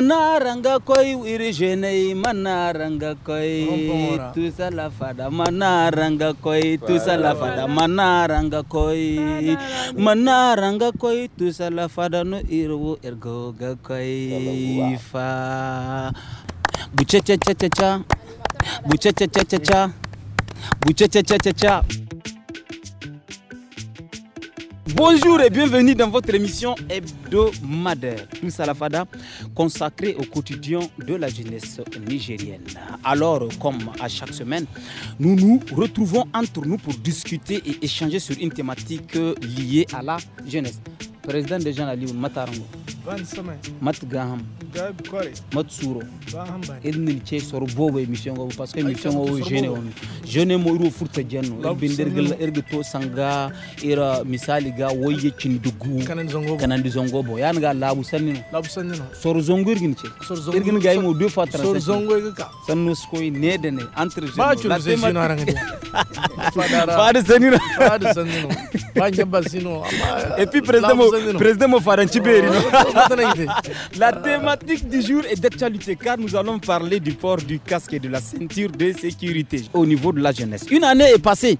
manaranga koi irigene manaranga koi. tusala fada manaranga koi. tusala fada manaranga koi. manaranga koi, tusala fada no irwo ergoga koi. fa bucha cha cha cha cha bucha cha cha cha cha bucha cha cha cha cha Bonjour et bienvenue dans votre émission hebdomadaire, Moussa Lafada consacrée au quotidien de la jeunesse nigérienne. Alors, comme à chaque semaine, nous nous retrouvons entre nous pour discuter et échanger sur une thématique euh, liée à la jeunesse. président des jeunes Aliou Matarango Mat Graham Mat Souro ednil ce soro bobo émission parce que émission go jeune on jeune mo ro furta jenno bindir gel erga to sanga ira misali ga woyye cin dugu kanan di zongo bo yan ga labu sanino labu sanino soro zongo irgin ce irgin ga mo deux fois soro zongo ga sanno sko ne de ne entre jeune la tema fadara fadara sanino fadara sanino ba nyamba sino et puis président Président La thématique du jour est d'actualité car nous allons parler du port du casque et de la ceinture de sécurité au niveau de la jeunesse. Une année est passée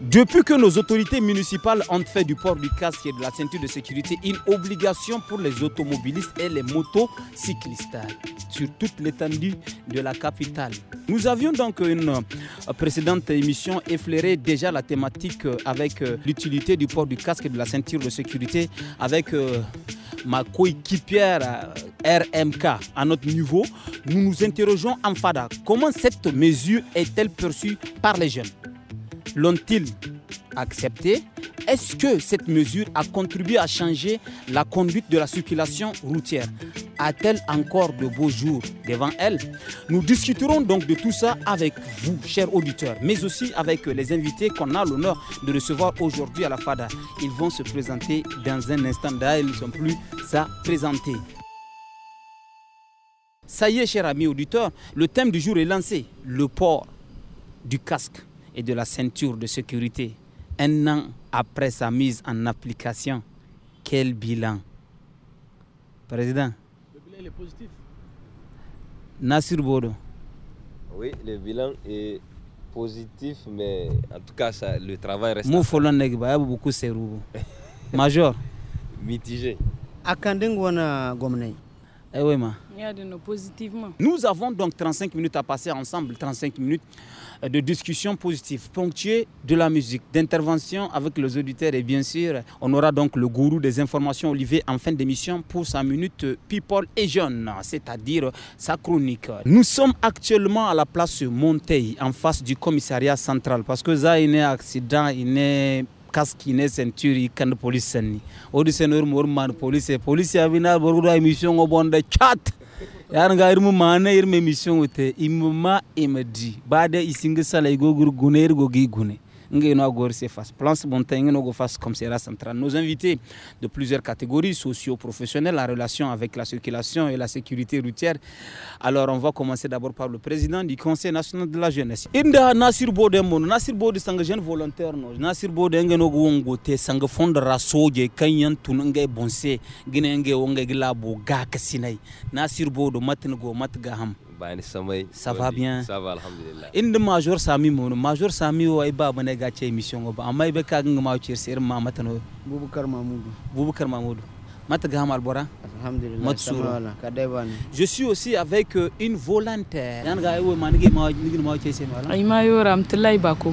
depuis que nos autorités municipales ont fait du port du casque et de la ceinture de sécurité une obligation pour les automobilistes et les motocyclistes sur toute l'étendue de la capitale. Nous avions donc une euh, précédente émission effleuré déjà la thématique euh, avec euh, l'utilité du port du casque et de la ceinture de sécurité avec euh, ma coéquipière euh, RMK à notre niveau, nous nous interrogeons en FADA comment cette mesure est-elle perçue par les jeunes L'ont-ils accepté Est-ce que cette mesure a contribué à changer la conduite de la circulation routière a-t-elle encore de beaux jours devant elle Nous discuterons donc de tout ça avec vous, chers auditeurs, mais aussi avec les invités qu'on a l'honneur de recevoir aujourd'hui à la FADA. Ils vont se présenter dans un instant. D'ailleurs, ils ne sont plus à présenter. Ça y est, chers amis auditeurs, le thème du jour est lancé le port du casque et de la ceinture de sécurité. Un an après sa mise en application, quel bilan Président, positif. Nassir Bodo. Oui, le bilan est positif, mais en tout cas, ça, le travail reste. n'est Negba, beaucoup roubo. Major. Mitigé. Akandengwana Gomnei. Eh oui, ma. Nous avons donc 35 minutes à passer ensemble, 35 minutes de discussions positives, ponctuées de la musique, d'interventions avec les auditeurs. Et bien sûr, on aura donc le gourou des informations, Olivier, en fin d'émission pour sa minute People et Jeunes, c'est-à-dire sa chronique. Nous sommes actuellement à la place Monteil, en face du commissariat central, parce que ça, il y a accident, il y a il a kan police policier odi de police police une émission au bon de chat yani gairumu mana irme mission wote imma imadi Bade isinga sala igoguru guner gogi gune comme Sierra Central. Nos invités de plusieurs catégories, socio-professionnelles, la relation avec la circulation et la sécurité routière. Alors on va commencer d'abord par le président du Conseil national de la jeunesse. Inda Nasir Bodemono, Nasir Bode sang jeune volontaire no, Nasir Bode nge no gongo te sanga fondra rasoje kanyan tunenge bonse, gine nge onge gila bo ga kasinai. Nasir Bode matne go matgaham bani samay ça va bien ça va alhamdulillah inde major sami mon major sami wa iba bane ga ce émission go ba amma ibe ka ga ma ce sir ma mata no bubukar mamudu bubukar mamudu mata ga mal bora alhamdulillah je suis aussi avec euh, une volontaire yan ga ay wo man ngi ma ni ma ce sir wala ay ma yo ramtulai bako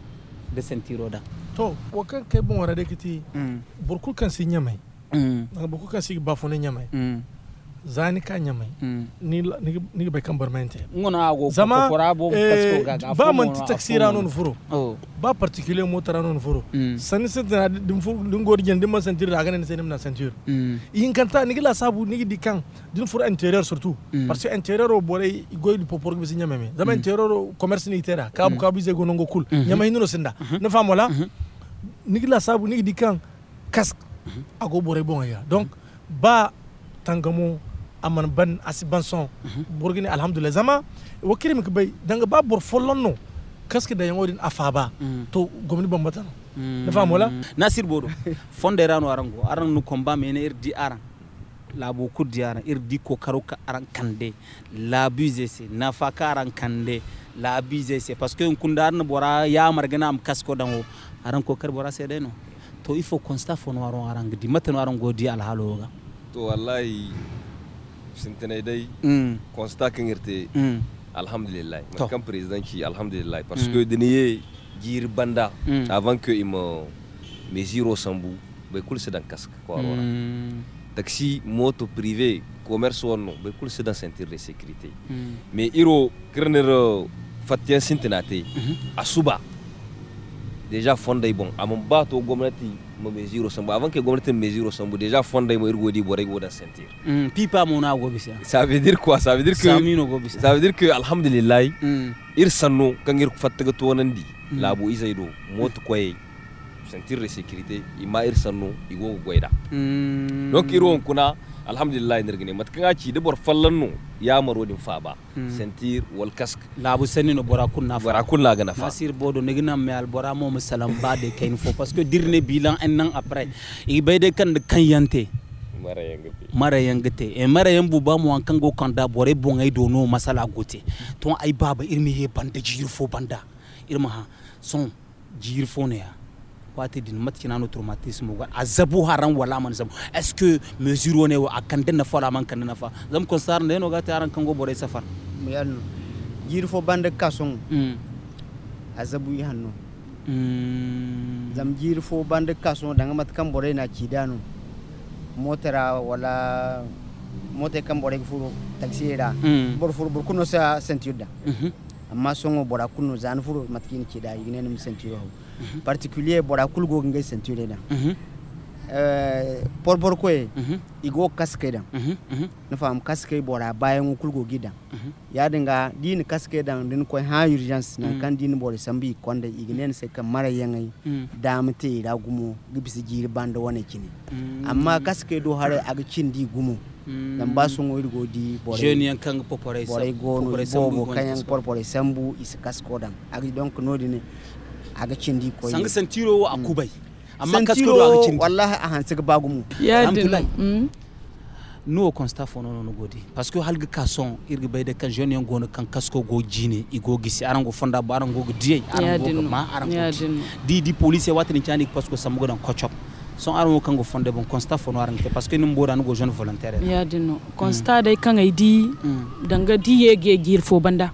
da sentiro da to wakan kai bon warade kiti mm. burkul kan si nyamai mm. burkul kan si bafone nyamai zani ka nyamai hmm. ni bai kan barmente zama eh, ba manti taxi ranon furo oh. ba particular motar ranon furo hmm. sani sintina din gori jan din man sentir da ganin sai nimna sentir hmm. yin kanta ni gila sabu ni di kan din furo interior surtout parce que interior bore goy di popor bi nyame me zama interior commerce ni tera ka bu ka bu ze gonongo kul nyama hinuno sinda na famola ni gila sabu ni di kan kas ago bore bon ya donc ba tangamo aman ban asi banson burgini alhamdulillah zama wo kirim ka bay danga ba bor kaske da yangodin afaba mm. to gomini bambata no mm. na fam wala nasir bodo fonde rano arango arango nu komba mene irdi er aran labo kurdi aran irdi er ko karoka aran kande labuze se nafaka karan kande labuze se parce que kunda aran bora ya margana am dango aran ko kar bora de no to il faut constat fo no di aran gidi di godi alhaloga to wallahi sintinai dai mm. consta mm. alhamdulillah ma président president alhamdulillah parce mm. que de gir banda avant que il me mesure au sambu be kul dans le casque taxi moto privé commerce ou non be kul dans dan ceinture de sécurité mais iro krener euh, fatien à mhm. asuba déjà fondé bon mon bato Gomnati, mo avant que gouvernement mesure au sambo déjà fonday mo irgodi boray godan sentir hmm, pipa mona gobisa ça veut dire quoi ça veut dire que samino gobisa ça veut dire que alhamdulillah hmm. ir sanno kan ir fattaga tonandi hmm. la isay do moto koye sentir de sécurité ma ir sanno go goyda donc iron kuna alhamdulillah nirgini matkan ci de bor fallanno ya marodin fa ba sentir wal kask labu senni no bora kunna fa bora kunna ga na fa nasir bodo ne gina me al bora mo musalam ba de kain fo parce que dirne bilan en nan après i bay de kan de kan yante mara yangate e mara yan buba mu an kango kanda bore bongai do no masala gote ton ai baba irmi he banda jir fo banda irma ha son jir fo ne ya fati din mat kinano traumatisme wa azabu haran wala man zam est ce que mesure one wa akande na fala man kan na fa zam kon sar ne no ga taran kan go bore safar yanno jiri fo bande kason mm azabu yanno mm zam jiri fo bande kason danga mat kan bore na kidano motera wala mote kan bore furo taxi era mm. bor furo bor kuno sa sentiuda -hmm amma songo bora kunu zan furo matkin kida ignen mi sentiyo mhm. particulier bora kulgo ngai sentiyo na Eh, porporkoye mhm. igo kaske dan mhm, mhm. na fam kaske bora bayan kulgo gidan ya dinga dini kaske dan din ko ha urgence na kan din bora sambi konda ignen se kan mara yangai damte da gumo gibisi jiri banda wane kini amma kaske do hare aga cin gumo dan ba sun wuri godi bore jeni yan kan popore bore gono bobo kan yan porpore sambu is kasko dan aga donc nodine aga cin di ko sanga santiro a mm. kubai amma kaskuro a hansig bagumu alhamdulillah mm. nuwo constat fo nono no godi parce que halga kason son irga bayde kan jeune yon gono kan kasko go jine i gisi arango fonda ba arango go diye arango ma arango di di police watani chani parce que samugo dan kochop son arango kan go fonde bon constat fo no arante parce que nim bodan go jeune volontaire ya dino mm. constat dai kan di mm. danga di ye gir fo banda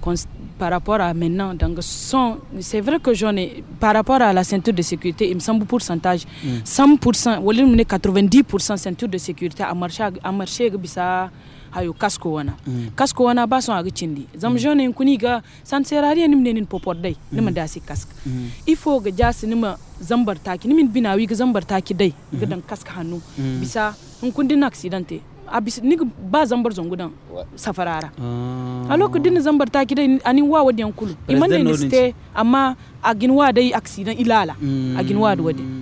constat par rapport à maintenant, donc c'est vrai que j'en ai, par rapport à la ceinture de sécurité, il me semble pourcentage, mm. 100%, ou 90% ceinture de sécurité à marcher à marché, ça. hayo casque wana mm. kasko wana ba son aga cindi zam mm. jone en kuni ga san serari ni mnenin popor dai mm. nima dasi kask mm. ifo ga jasi nima zambar taki nimin binawi ga zambar taki dai mm. ga dan kask hannu mm. bisa in a ni ba zambar zongudan safarara ah. a lokacin da zambar ta kidai anin wa wadiyan kulu iman ne amma a ginwa dai accident ilala mm. a ginwa da wadi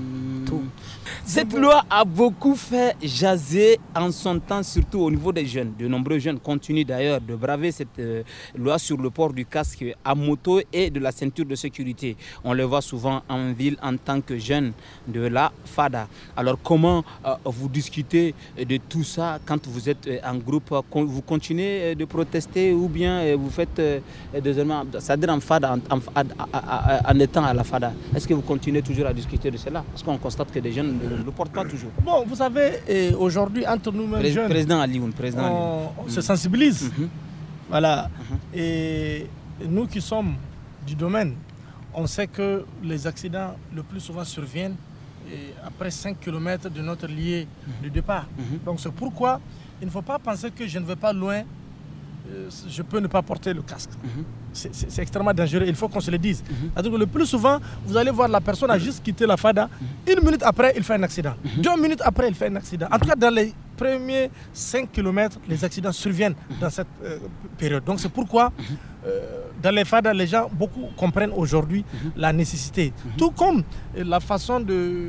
Cette loi a beaucoup fait jaser en son temps, surtout au niveau des jeunes. De nombreux jeunes continuent d'ailleurs de braver cette euh, loi sur le port du casque à moto et de la ceinture de sécurité. On le voit souvent en ville en tant que jeune de la FADA. Alors comment euh, vous discutez de tout ça quand vous êtes euh, en groupe Vous continuez de protester ou bien vous faites deuxièmement, c'est-à-dire en FADA, étant à la FADA Est-ce que vous continuez toujours à discuter de cela Parce qu'on constate que des jeunes ne le porte pas toujours. Bon, vous savez, eh, aujourd'hui, entre nous-mêmes président on, mm. se sensibilise. Mm-hmm. Voilà. Mm-hmm. Et nous qui sommes du domaine, on sait que les accidents le plus souvent surviennent eh, après 5 km de notre lieu mm-hmm. de départ. Donc c'est pourquoi il ne faut pas penser que je ne vais pas loin euh, je peux ne pas porter le casque. Mhm. C'est extrêmement dangereux, il faut qu'on se le dise. Mhm. que le plus souvent, vous allez voir la personne a mhm. juste quitté la FADA, une minute après, il fait un accident. Deux minutes après, il fait un accident. En tout cas, dans les premiers 5 km, les accidents surviennent dans cette euh, période. Donc c'est pourquoi... Euh, dans les FADA, les gens, beaucoup comprennent aujourd'hui la nécessité. Tout comme la façon de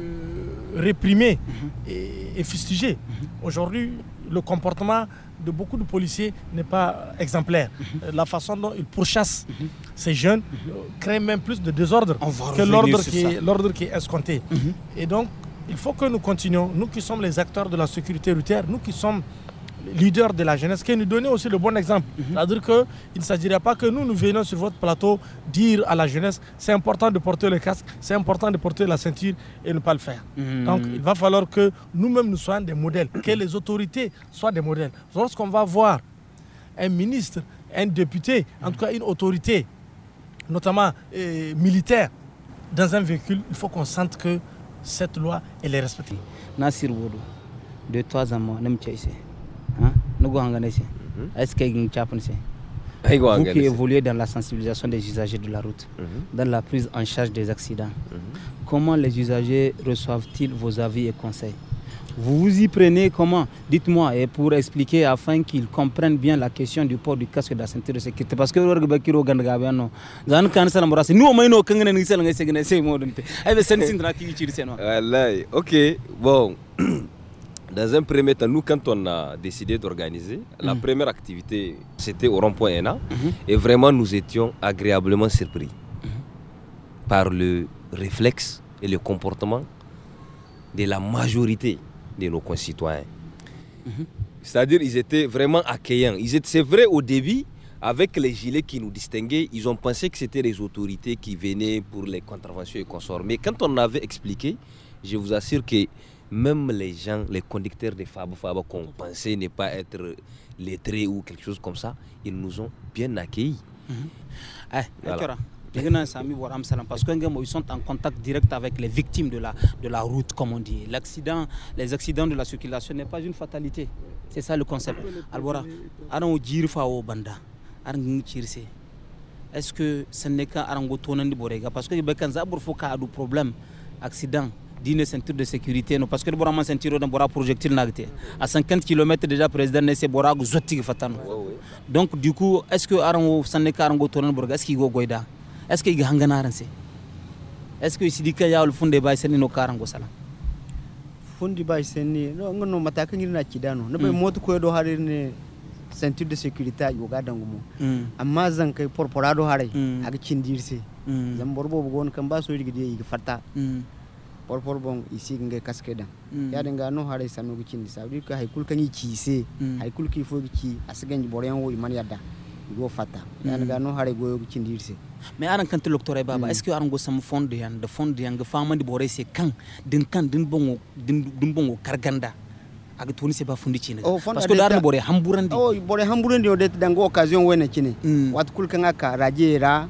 réprimer et, et, fustiger. Aujourd'hui, le comportement de beaucoup de policiers n'est pas exemplaire. Mhm. La façon dont ils pourchassent mhm. ces jeunes mhm. euh, crée même plus de désordre que l'ordre qui, qui est escompté. Et donc, il faut que nous continuions, nous qui sommes les acteurs de la sécurité routière, nous qui sommes leader de la jeunesse, qui nous donnait aussi le bon exemple. Mhm. C'est-à-dire qu'il ne s'agirait pas que nous, nous venions sur votre plateau dire à la jeunesse, c'est important de porter le casque, c'est important de porter la ceinture et ne pas le faire. Mhm. Donc il va falloir que nous-mêmes nous soyons des modèles, que les autorités soient des modèles. Lorsqu'on va voir un ministre, un député, en tout cas une autorité, notamment euh, militaire, dans un véhicule, il faut qu'on sente que cette loi, elle est respectée. Nasir Wodo, de trois ans, Mhm. vous qui évoluez dans la sensibilisation des usagers de la route, mhm. dans la prise en charge des accidents, mhm. comment les usagers reçoivent-ils vos avis et conseils Vous vous y prenez comment Dites-moi, et pour expliquer afin qu'ils comprennent bien la question du port du casque de sécurité. Parce que Ok, bon. Dans un premier temps, nous, quand on a décidé d'organiser, la mhm. première activité, c'était au rond-point ENA. Mhm. Et vraiment, nous étions agréablement surpris mhm. par le réflexe et le comportement de la majorité de nos concitoyens. C'est-à-dire, ils étaient vraiment accueillants. C'est vrai, au début, avec les gilets qui nous distinguaient, ils ont pensé que c'était les autorités qui venaient pour les contraventions et consorts. Mais quand on avait expliqué, je vous assure que même les gens, les conducteurs des Fab Fab qu'on pensait ne pas être lettrés ou quelque chose comme ça, ils nous ont bien accueillis. Mhm. Eh, parce qu'ils sont en contact direct avec les victimes de la, de la route, comme on dit. L'accident, les accidents de la circulation n'est pas une fatalité. C'est ça le concept. Alors, est-ce que ce n'est qu'un parce que quand y des problèmes, accident, dine ceinture de sécurité no parce que borama ceinture don bora projectile nagte à 50 km déjà président ne se bora zotti fatano donc du coup est-ce que arango sanne karango tonan borga est-ce qu'il go goida est-ce qu'il hangana ranse est-ce que sidika ya fond des bay sen no karango sala fundi bay sen ni no ngono ka ngi na kidano no be hmm. motu ko do harir ne ceinture de sécurité yo ga dangumo amma zan kai porporado harai aga hmm. cindirse hmm. zan borbo bugon kan ba so yigi de yigi farta porpor bon isi nge kaskeda mm. ya dinga no hare sami gu cindi sabri ka hay kulkan yi se mm. hay kulki fo gi ci asgen ji boryan wo iman yadda go fata mm. ya dinga no hare go gu cindi irse me aran kan tilok tore baba mm. est ce aran go sam fond yan de fond yan ga famandi bore se kan din kan din bongo din, din bongo karganda aga tuni se ba fundi chine oh, parce que darno bore hamburandi oh bore hamburandi o det dango occasion wena chine mm. wat kulkan aka rajera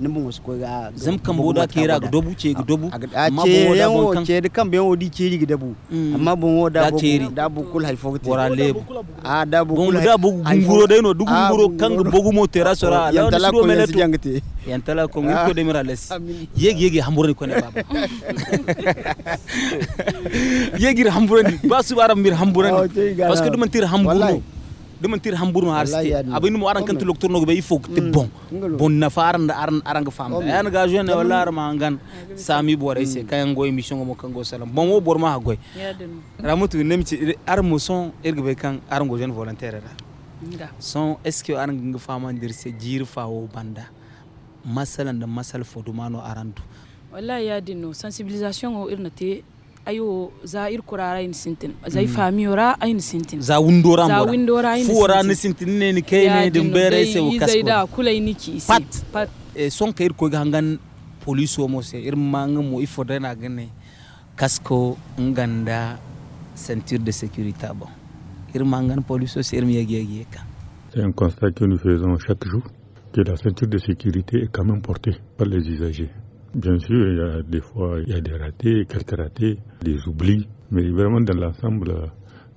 nimbu musko ga zam kan boda ke ra ga dobu ce ga dobu amma bo da bon kan ce kan be wodi ce ga dobu mm. amma bon woda bo da bu kul hal fogti wora lebu a da bu kul da bu gunguro dai no dugu gunguro kan ga bogu mo tera sora la da su mele to yan tala ko ngi ah. ko demira les yegi yegi hamburani ko ne baba yegi hamburani ba su bara mir hamburani oh, parce que dum tir hamburani ɗumen tir hamburno har siti aɓa yinmo aran kanti un ɓe il faut te mm. bon bon nafa aranda aranga nga ayana ga jeune walla mm. sami bore se mm. mission salam bon kan jeune volontaire son est ce que banda masalan masal fodumano arandu wallahi sensibilisation ayo za irkurara ayin sintin mm. za yi famiyora ayin sintin za windora za windora ayin sintin fuwara ni sintin ne ni kai ne din bere sai u kasko zai da kulai niki pat pat eh, son ka irko ga hangan police mo se irma ngi mo ifo da na gane kasko nganda ceinture de sécurité bon ir ngan police se irmi yagi yagi ka c'est un constat que nous faisons chaque jour que la ceinture de sécurité est quand même portée par les usagers Bien sûr, il y a des fois, il y a des ratés, quelques ratés, des oublis, mais vraiment dans l'ensemble,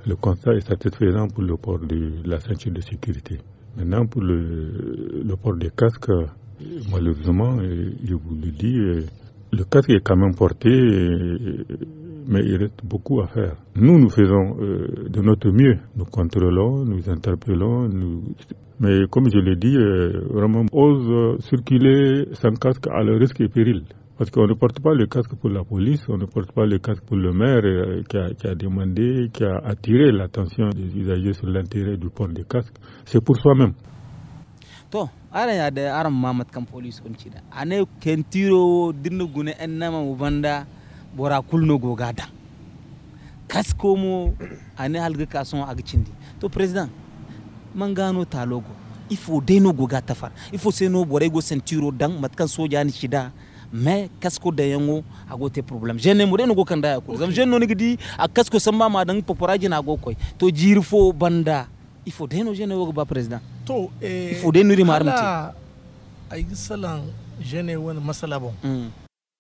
le constat est satisfaisant pour le port de la ceinture de sécurité. Maintenant, pour le, port des casques, malheureusement, je vous le dis, le casque est quand même porté mais il reste beaucoup à faire. Nous, nous faisons euh, de notre mieux. Nous contrôlons, nous interpellons, mais comme je l'ai dit, vraiment, euh, vraiment, ose circuler sans casque à le risque et péril. Parce qu'on ne porte pas le casque pour la police, on ne porte pas le casque pour le maire euh, qui, a, demandé, qui a attiré l'attention des usagers sur l'intérêt du port de casque. C'est pour soi-même. to police kentiro en bora kulno gogada kasko mo ane halga kason agcindi to president mangano talogo il faut deno goga tafar il faut seno bora go sentiro dang matkan soja ni chida mais kasko da agote problem jene mo deno go kanda yakul zam jeno ni gidi a kasko samba ma dang poporaji na go koy to jirfo banda il faut deno jene go ba president to eh il faut deno ri marmti ay je ne wani masala bon mm.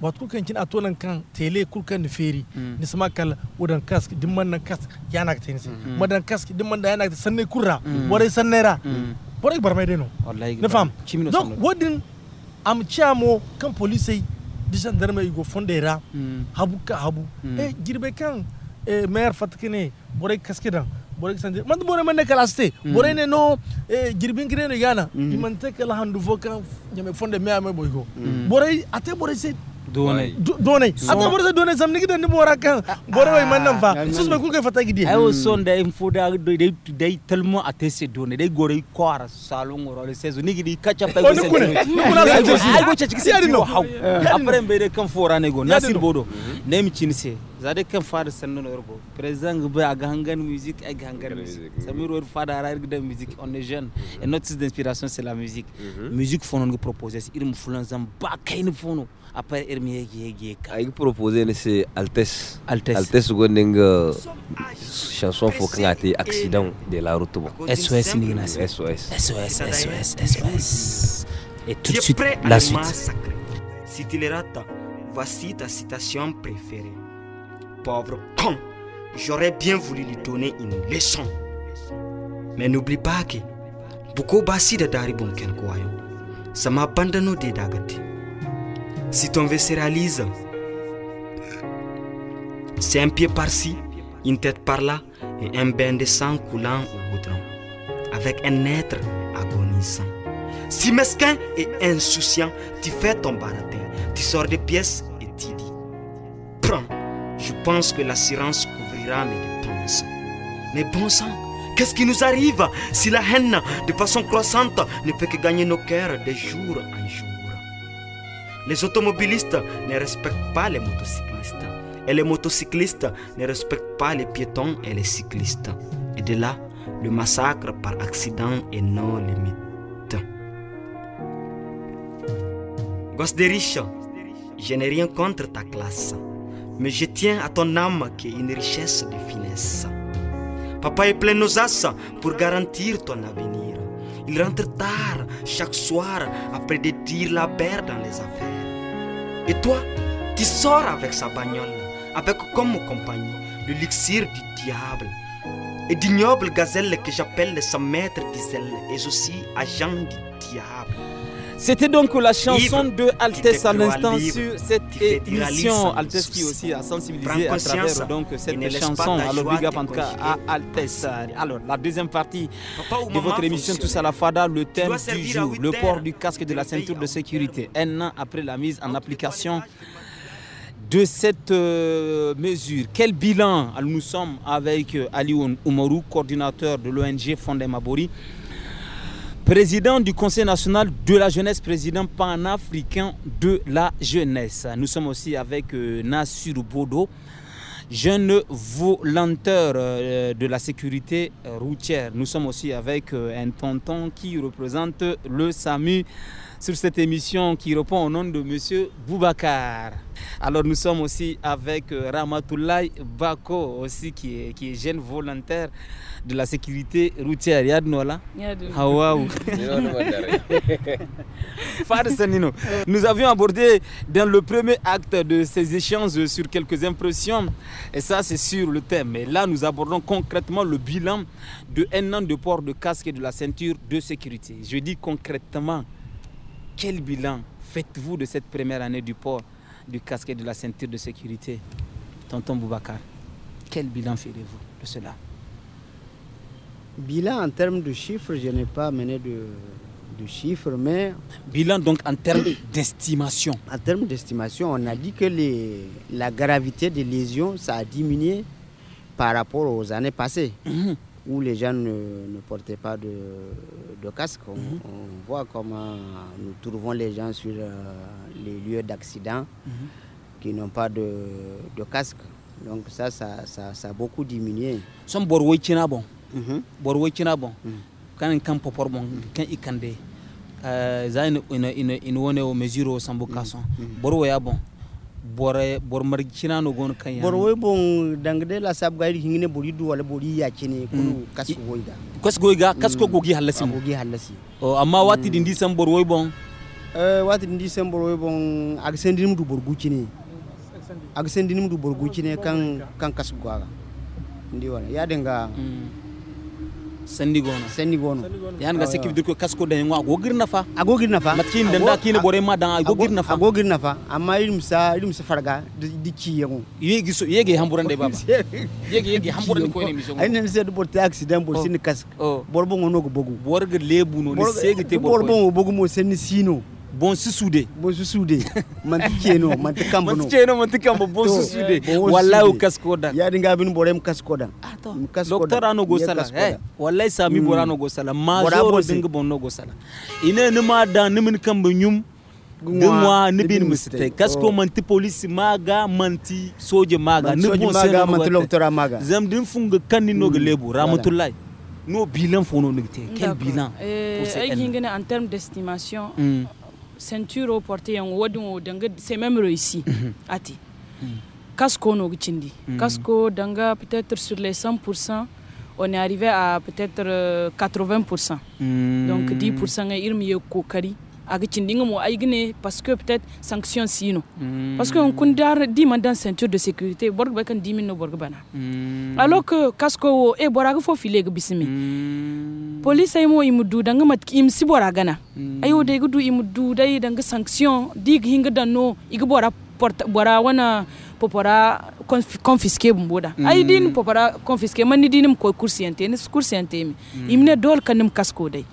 waad kulkan jin ato nan kan tele kulkan ni feri mm. ni sama kal wadan kask dimman nan kask ya nak tani mm-hmm. madan kask dimman da ya nak sanne kurra mm. warai sannera mm. warai barmai deno wallahi ne fam donc wadin am chamo kan police di gendarme igo fondera habu ka habu e girbe kan e eh, maire fatkine warai kaskidan borek sanje man bore man ne kala ste ne no eh, girbin gire ne gana imante kala handu foka nyame fonde me ame boygo bore ate bore se donné. Donnez. Donnez. donné, Donnez. Donnez. Donnez. ni bora Donnez. Donnez. Donnez. Donnez. Donnez. Donnez. Donnez. Donnez. Donnez. salon Donnez. Donnez. ni Donnez. kacha bodo hmm. chinse hmm. on est jeune hmm. et notre d'inspiration, c'est la musique musique nous nous proposer il après irmi ka ay ah, proposer ne c'est altesse altesse altesse une chanson pour accident de la route SOS SOS SOS SOS SOS et tout de suite la suite si tu les rates voici ta citation préférée pauvre con j'aurais bien voulu lui donner une leçon mais n'oublie pas que beaucoup basi da dari bunken ça sama abandonné de dagati si ton réalise, c'est un pied par-ci, une tête par-là et un bain de sang coulant au goudron, avec un être agonisant. Si mesquin et insouciant, tu fais ton baraté, tu sors des pièces et tu dis Prends, je pense que l'assurance couvrira mes dépenses. Mais bon sang, qu'est-ce qui nous arrive si la haine, de façon croissante, ne fait que gagner nos cœurs de jour en jour les automobilistes ne respectent pas les motocyclistes. Et les motocyclistes ne respectent pas les piétons et les cyclistes. Et de là, le massacre par accident est non limite. Gosse des riches, je n'ai rien contre ta classe, mais je tiens à ton âme qui est une richesse de finesse. Papa est plein nos as pour garantir ton avenir. Il rentre tard chaque soir après de dire la paire dans les affaires. Et toi, tu sors avec sa bagnole, avec comme compagnie le l'élixir du diable et d'ignobles gazelle que j'appelle son maître d'Iselle et aussi agent du diable. C'était donc la chanson de Altesse à l'instant sur cette émission. Altesse qui aussi a sensibilisé à travers donc cette chanson. à à Altesse. Alors la deuxième partie de votre émission Tous à la Fada, le thème du jour, le port du casque de la ceinture de sécurité. Un an après la mise en application de cette euh, mesure. Quel bilan Nous sommes avec Ali euh, Alioun coordinateur de l'ONG Fondé Mabori président du Conseil national de la jeunesse, président panafricain de la jeunesse. Nous sommes aussi avec euh, Nassir Bodo, jeune volontaire euh, de la sécurité euh, routière. Nous sommes aussi avec un tonton qui représente le SAMU sur cette émission qui répond au nom de Monsieur Boubacar. Alors nous sommes aussi avec euh, Ramatoulaye Bako aussi qui est, jeune volontaire de la sécurité routière. Yadnola. Ah, Sanino. nous avions abordé dans le premier acte de ces échanges sur quelques impressions et ça c'est sur le thème. Et là nous abordons concrètement le bilan de un an de port de casque et de la ceinture de sécurité. Je dis concrètement quel bilan faites-vous de cette première année du port du casque et de la ceinture de sécurité Tonton Boubacar, quel bilan ferez-vous de cela Bilan en termes de chiffres, je n'ai pas mené de, chiffres, mais... Bilan donc en termes d'estimation. En termes d'estimation, on a dit que la gravité des lésions, ça a diminué par rapport aux années passées. Mmh où les gens ne, ne portaient pas de, casque. Mhm. On, voit comment nous trouvons les gens sur euh, les lieux d'accident mhm. qui n'ont pas de, casque. Donc ça, ça, ça, a beaucoup diminué. Son borwoi bon. Mhm. Borwoi bon. Quand un camp bon, quand il candé. ont une, une, une, une mesure au sambo casson. bon. bore bor mar kina no gon kan bor we bon dangde la sab gairi hingine bori du wala bori ya kine mm. kunu kasko goiga kasko goiga mm. kasko gogi halasi gogi halasi o amma mm. wati dindi sam bor bon eh wati dindi sam bor woy bon ag sendinim du bor gucine ag sendinim du bor gucine kan kan kasko goaga ndi wala ya denga mm. sandi gono sendigono sendigono yan ga ah, sikki dirko kasko da yango agogir nafa agogir nafa matkin da da kini bore ma dan agogir nafa agogir nafa amma irim sa irim sa farga dikki yango yegi so yegi hamburan dai baba yegi yegi hamburan ko ne miso ai nan sai bor taxi dan bor oh. sin kask oh. bor bongo no go bogu bor ga lebu no ni segi te bor bor bongo bogu mo sen sino bon su bon su keno kambo keno ti kambo bon su docteur sala sami borano go sala go sala police maga ti soje maga maga docteur maga zam din funga kanino mm. Quel bilan en termes d'estimation, mm ceinture au porté en wadin même danga c'est même réussi mhm. ati casco no casque mhm. danga peut-être sur les 100% on est arrivé à peut-être 80% euh, mhm. donc 10% irmi kokari aga cindinga mo ay parce que peut-être sanction sino hmm. parce que on kundar di ceinture de sécurité borg ba kan 10000 no borg bana hmm. alors que casque wo e eh, boraga fo filer ga bisimi hmm. police ay mo imu du danga mat im si boraga na ayo de gudu imu day dai sanction dig hinga dano iga bora porta bora wana popora confisqué bumboda mm. ay din popora confisqué man ni ko course yante ni course yante mi imne dol kanim casque d'ay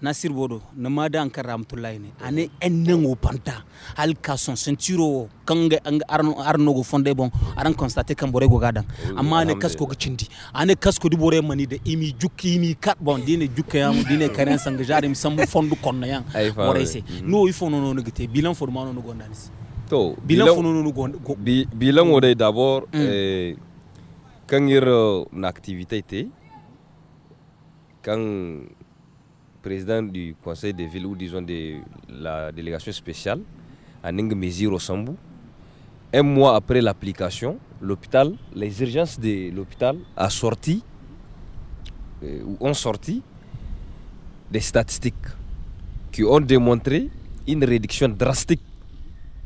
nasir bodo na mada an karam tulai ne ane ennen panta hal ka son sentiro kanga an arno arno go bon aran constate kan gadan amma ne kasko go cindi ane kasko di bore mani de imi jukki imi kat bon dine jukke am dine karen jarim sam fondu konna yan bore se no ifo no no gite bilan formano no gondanis to bilan fono no go bilan o d'abord kan na te président du conseil des villes ou disons de la délégation spéciale, à Miziro Sambu. Un mois après l'application, l'hôpital, les urgences de l'hôpital a sorti euh, ont sorti des statistiques qui ont démontré une réduction drastique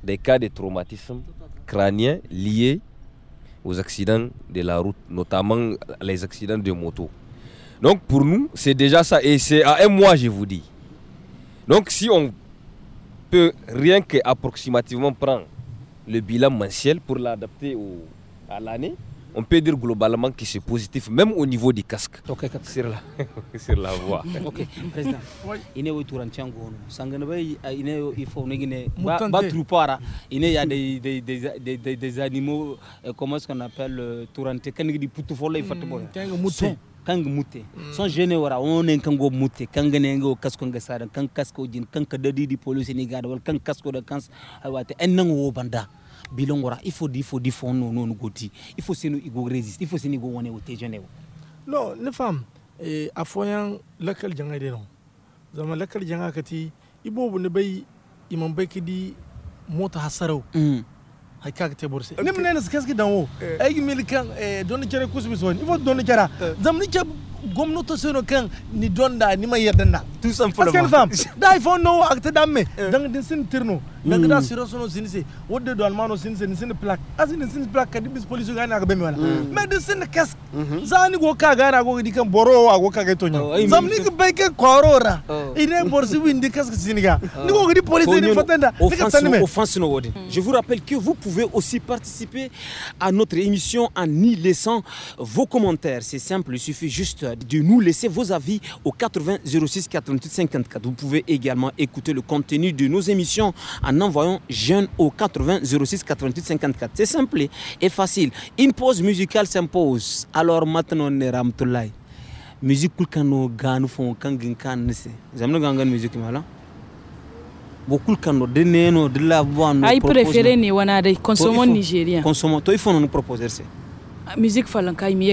des cas de traumatisme crânien liés aux accidents de la route, notamment les accidents de moto. Donc pour nous, c'est déjà ça. Et c'est à un mois, je vous dis. Donc si on peut rien qu'approximativement prendre le bilan mensuel pour l'adapter à l'année, on peut dire globalement qu'il est positif, même au niveau des casques. Ok, sur, la, sur la voie. Ok, président. Il est autour de il faut il y a des, des, des, des, des animaux, euh, comment est-ce qu'on appelle, tourante, quand dit kang mute mm. son jene wara wonen kan go mute kan gane go kasko nga sada kan kasko jin kan ka dadi di police ni gada wal kan kasko da kan awate en nan wo banda bilon wara il faut il faut il faut non non goti il faut sino igo resist il faut sino go wonen wote jene wo no ne e, afoyan lakal jangay de non zama lakal janga ibobu ibo ne bai imam kidi mota hasarau mm. hay kaga te borse nim nenes kesgi dan wo eh. ay milikan don kere kusmi son vou don kera zamni ke gwamnatin suna kan ni donda ni ma yarda tout simplement parce que da ifo no akta d'amé eh. dang din sin tirno dan da mm. sira sono sin se wodde do almano sin se sin plak asin sin plak kadi bis police ga na ga bemi wala mais mm. din sin casque mm-hmm. zani go ka ga go di kan boro wa go ka ga tonyo oh, zamni ga bai ke korora oh. ine borsi wi ndi kas sin oh. ni go di police ni fatanda ni ka tanime offense no wodi je vous rappelle que vous pouvez aussi participer à notre émission en y laissant vos commentaires c'est simple il suffit juste de nous laisser vos avis au 80 06 88 54. Vous pouvez également écouter le contenu de nos émissions en envoyant jeune au 80 06 88 54. C'est simple et facile. Une pause musicale s'impose. Alors maintenant, on est La Musique kulkano ganu fon kangin Vous aimez la musique mala. bokul musique de Vous de la boano ay préfère ni wana de consommons nigérien consommons toi il faut nous proposer ça. Ah, musique falan kay mi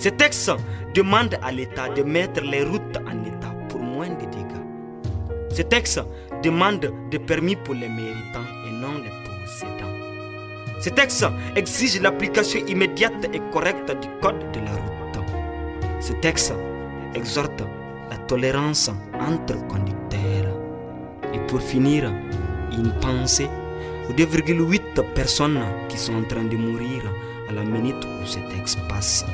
Ce texte demande à l'État de mettre les routes en état pour moins de dégâts. Ce texte demande des permis pour les méritants et non les possédants. Ce texte exige l'application immédiate et correcte du code de la route. Ce texte exhorte la tolérance entre conducteurs. Et pour finir, une pensée aux 2,8 personnes qui sont en train de mourir à la minute où cet texte passe.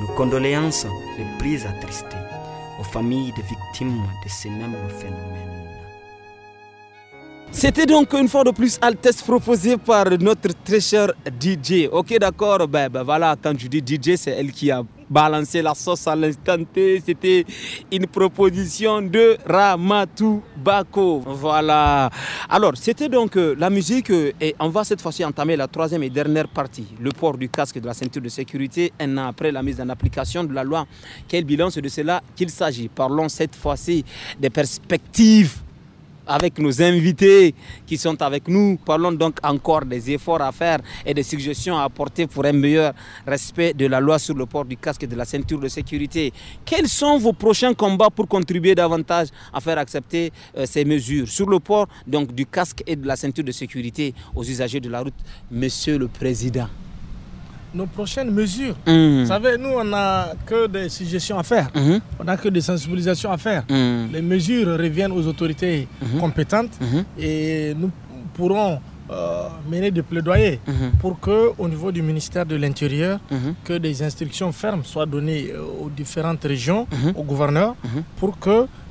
Nos condoléances les prises attristées aux familles des victimes de ces mêmes phénomènes. C'était donc une fois de plus Altesse proposée par notre très DJ. Ok, d'accord, ben, ben, voilà, quand je dis DJ, c'est elle qui a balancer la sauce à l'instant T. C'était une proposition de Ramatou Bako. Voilà. Alors, c'était donc euh, la musique euh, et on va cette fois-ci entamer la troisième et dernière partie. Le port du casque de la ceinture de sécurité un an après la mise en application de la loi. Quel bilan c'est de cela qu'il s'agit Parlons cette fois-ci des perspectives avec nos invités qui sont avec nous. Parlons donc encore des efforts à faire et des suggestions à apporter pour un meilleur respect de la loi sur le port du casque et de la ceinture de sécurité. Quels sont vos prochains combats pour contribuer davantage à faire accepter euh, ces mesures sur le port donc, du casque et de la ceinture de sécurité aux usagers de la route, Monsieur le Président nos prochaines mesures. Mm. Vous savez, nous, on n'a que des suggestions à faire, mm-hmm. on n'a que des sensibilisations à faire. Mm. Les mesures reviennent aux autorités mm-hmm. compétentes mm-hmm. et nous pourrons euh, mener des plaidoyers pour que, au niveau du ministère de l'Intérieur, que des instructions fermes soient données euh, aux différentes régions, aux gouverneurs, pour que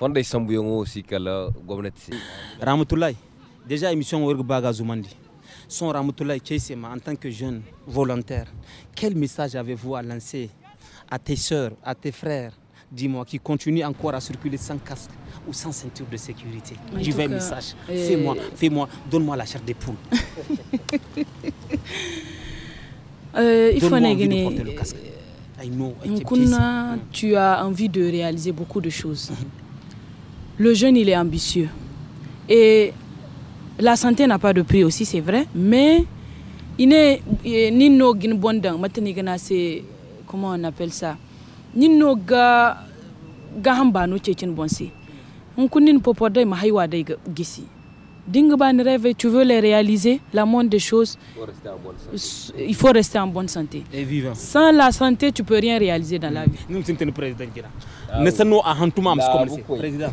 fanda sambu yongo si kala gwamnati ramatoulay déjà émission org baga son ramatoulay en tant que jeune volontaire quel message avez-vous à lancer à tes sœurs à tes frères dis-moi qui continuent encore à circuler sans casque ou sans ceinture de sécurité j'ai un message euh, fais-moi fais-moi donne-moi la chair des poules euh, il faut envie de porter le casque euh, I tu as envie de réaliser beaucoup de choses. Mhm le jeune, il est ambitieux. Et la santé n'a pas de prix aussi, c'est vrai, mais il est eh, ni no ginbondang, maintenant c'est comment on appelle ça, ni no ga gahamba no tchétchen bonsi. On connaît une popodai mahaywa de gisi. Dingban rêve, tu veux les réaliser, la moindre des choses, il faut rester en bonne santé. Et vivant. Sans la santé, tu peux rien réaliser dans la mm. vie. Nous sommes le président. Nous sommes en Hantoumams comme le président.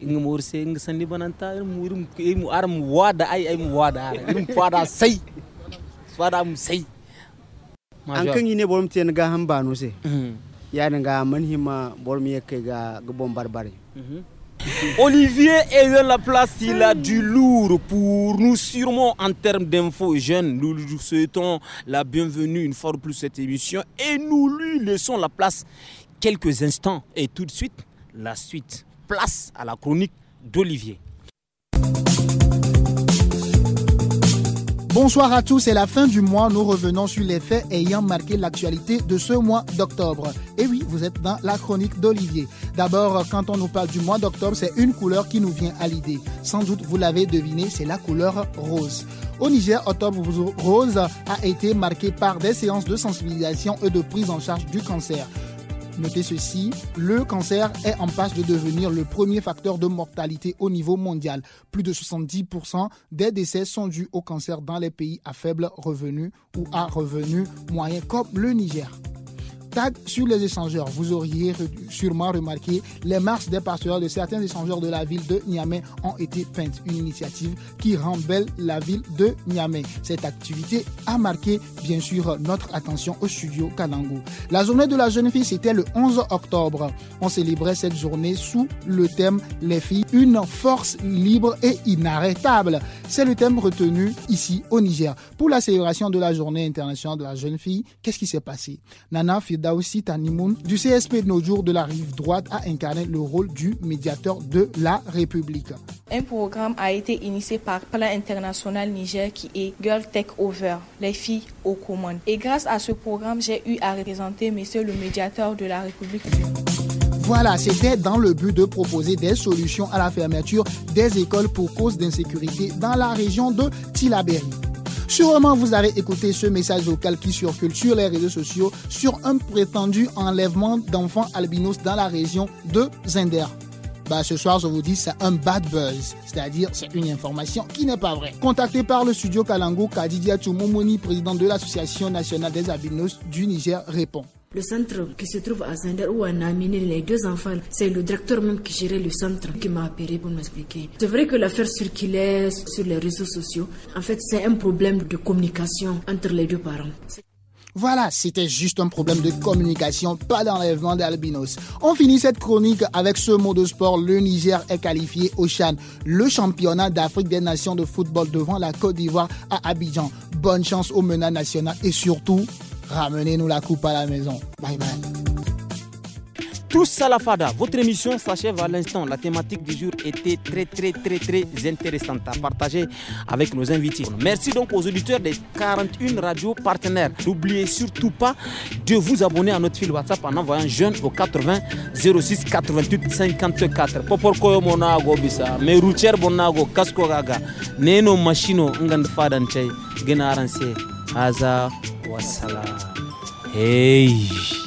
inga mo urse inga sanni bananta irum irum aram wada ay ay mo wada ara irum fada sai fada mu sai an kan ne borom ga han banu se mhm. ya nga man hima borom yake ga ga bom mhm. Olivier est dans la place, il a du lourd pour nous sûrement en termes d'infos jeunes. Nous lui souhaitons la bienvenue une fois de plus cette émission et nous lui laissons la place quelques instants et tout de suite la suite place à la chronique d'Olivier. Bonsoir à tous, c'est la fin du mois. Nous revenons sur les faits ayant marqué l'actualité de ce mois d'octobre. Et oui, vous êtes dans la chronique d'Olivier. D'abord, quand on nous parle du mois d'octobre, c'est une couleur qui nous vient à l'idée. Sans doute, vous l'avez deviné, c'est la couleur rose. Au Niger, Octobre Rose a été marqué par des séances de sensibilisation et de prise en charge du cancer. Notez ceci, le cancer est en passe de devenir le premier facteur de mortalité au niveau mondial. Plus de 70% des décès sont dus au cancer dans les pays à faible revenu ou à revenu moyen comme le Niger sur les échangeurs, vous auriez sûrement remarqué les marches des pasteurs de certains échangeurs de la ville de Niamey ont été peintes. Une initiative qui rend belle la ville de Niamey. Cette activité a marqué, bien sûr, notre attention au studio Kanango La journée de la jeune fille, c'était le 11 octobre. On célébrait cette journée sous le thème Les filles, une force libre et inarrêtable. C'est le thème retenu ici au Niger. Pour la célébration de la journée internationale de la jeune fille, qu'est-ce qui s'est passé? Nana Fida Daoussi Tanimoun du CSP de nos jours de la rive droite a incarné le rôle du médiateur de la République. Un programme a été initié par Plan International Niger qui est Girl Tech Over, les filles au commandes. Et grâce à ce programme, j'ai eu à représenter Monsieur le médiateur de la République. Voilà, c'était dans le but de proposer des solutions à la fermeture des écoles pour cause d'insécurité dans la région de Tilaberi. Sûrement, vous avez écouté ce message vocal qui circule sur les réseaux sociaux sur un prétendu enlèvement d'enfants albinos dans la région de Zinder. Bah, ce soir, je vous dis, c'est un bad buzz. C'est-à-dire, c'est une information qui n'est pas vraie. Contacté par le studio Kalango, Kadidia tumomoni président de l'Association nationale des albinos du Niger, répond. Le centre qui se trouve à Zander où on a amené les deux enfants, c'est le directeur même qui gérait le centre qui m'a appelé pour m'expliquer. C'est vrai que l'affaire circulait sur les réseaux sociaux. En fait, c'est un problème de communication entre les deux parents. Voilà, c'était juste un problème de communication, pas d'enlèvement d'albinos. On finit cette chronique avec ce mot de sport. Le Niger est qualifié au Chan, le championnat d'Afrique des nations de football devant la Côte d'Ivoire à Abidjan. Bonne chance au menat national et surtout, Ramenez-nous la coupe à la maison. Bye bye. Tous à la fada, votre émission s'achève à l'instant. La thématique du jour était très très très très intéressante à partager avec nos invités. Merci donc aux auditeurs des 41 radios partenaires. N'oubliez surtout pas de vous abonner à notre fil WhatsApp en envoyant jeune au 80 06 88 54. bonago gaga, neno wassalam. Ei!